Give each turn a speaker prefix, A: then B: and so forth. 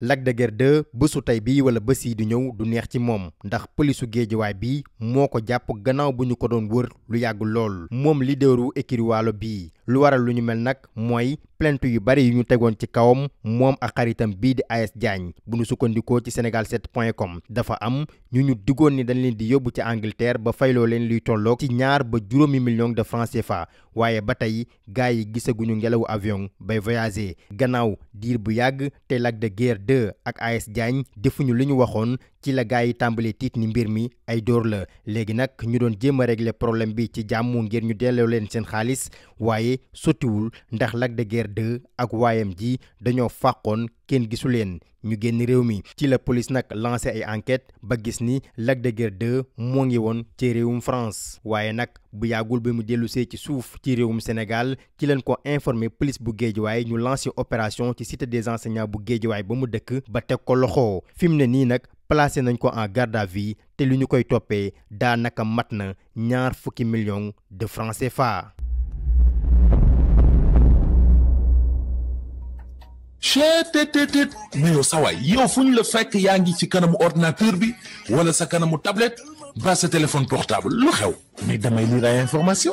A: Lac de Guiers tey bi wala bés yi di ñëw du neex ci moom ndax polisu géejuwaay bi moo ko jàpp gannaaw bu ñu ko doon wër lu yàgg lool moom leaderu écurie Walo bii lu waral lu ñu mel nag mooy plainte yu bari yu ñu tegoon ci kawam moom ak xaritam bii di AS Diagne bu ñu sukkandikoo ci senegal comme dafa am ñu ñu diggoon ni dañ leen di yóbbu ci Angleterre ba fayloo leen luy tolloog ci ñaar ba juróomi millions de francs CFA waaye ba tey gars yi gisaguñu ngelawu avion bay voyager gannaaw diir bu yàgg te Lac de Guiers 2 ak AS Diagne defuñu li ñu waxoon ci la gaa yi tàmbali tiit ni mbir mi ay door la léegi nag ñu doon jéem a régler problème bi ci jàmm ngir ñu delloo leen seen xaalis waaye sottiwul ndax Lac de Guiers ak waayam ji dañoo fàqoon kenn gisu leen ñu génn réew mi ci la police nag lancé ay enquête ba gis ni Lac de moo ngi woon ci réewum France waaye nag bu yàggul ba mu dellusee ci suuf ci réewum Sénégal ci leen ko informé police bu waaye ñu lancé opération ci cité des enseignants bu Géejawaay ba placé nañ ko en garde à te lu ñu koy toppee daanaka mat na ñaar fukki millions de francs CFA. cheetetetet mais yow
B: sawaay yow fu ñu la fekk yaa ngi ci kanamu ordinateur bi wala sa kanamu tablette ba sa téléphone portable lu xew mais damay lire ay information